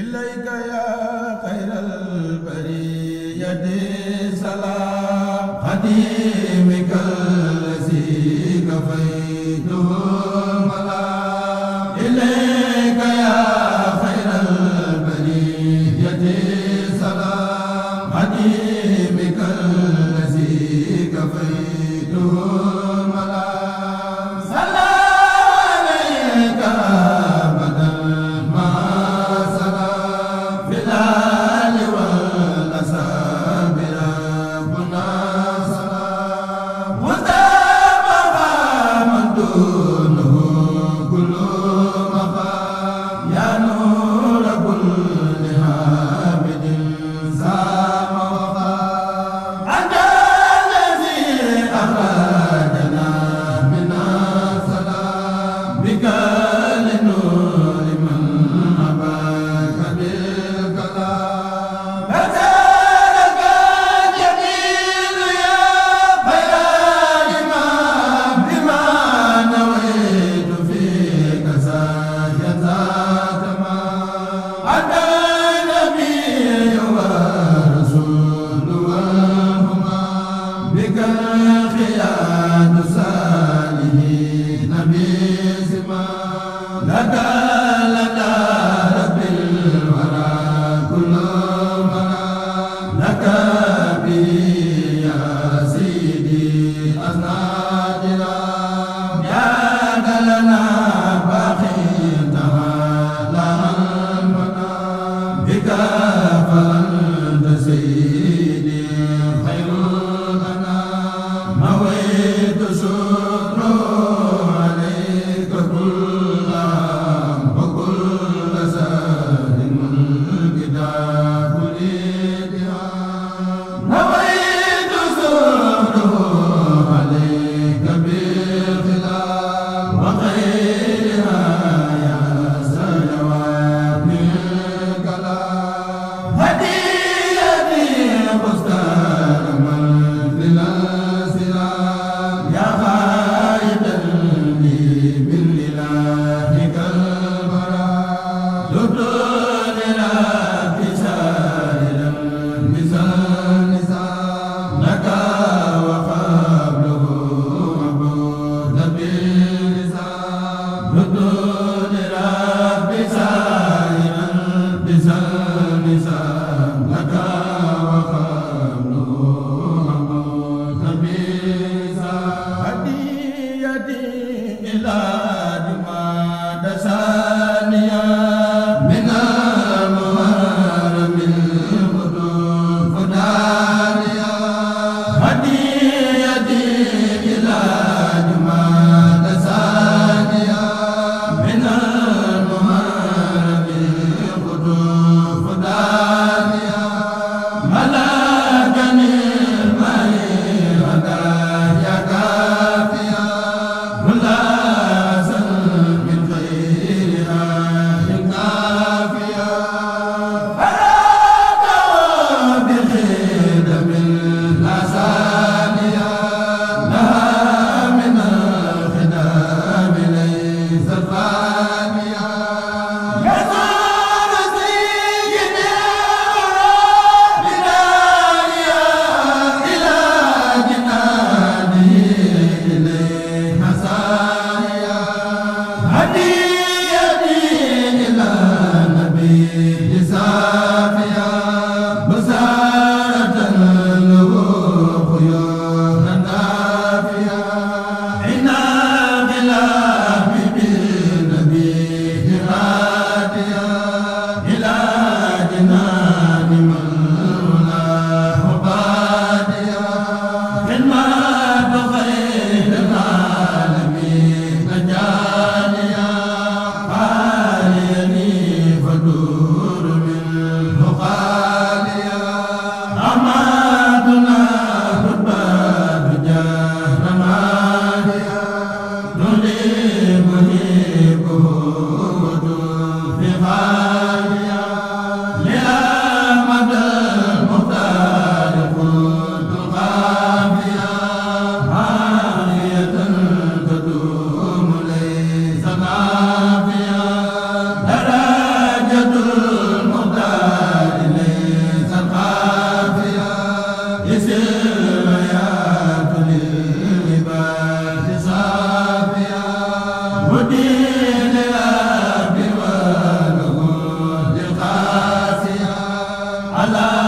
ilayka yaa xayral bariyati salaam xadimika lazi kafaytu malaam ilayka yaa xayral bariyati salaam xadimika lazi kafaytu zo ala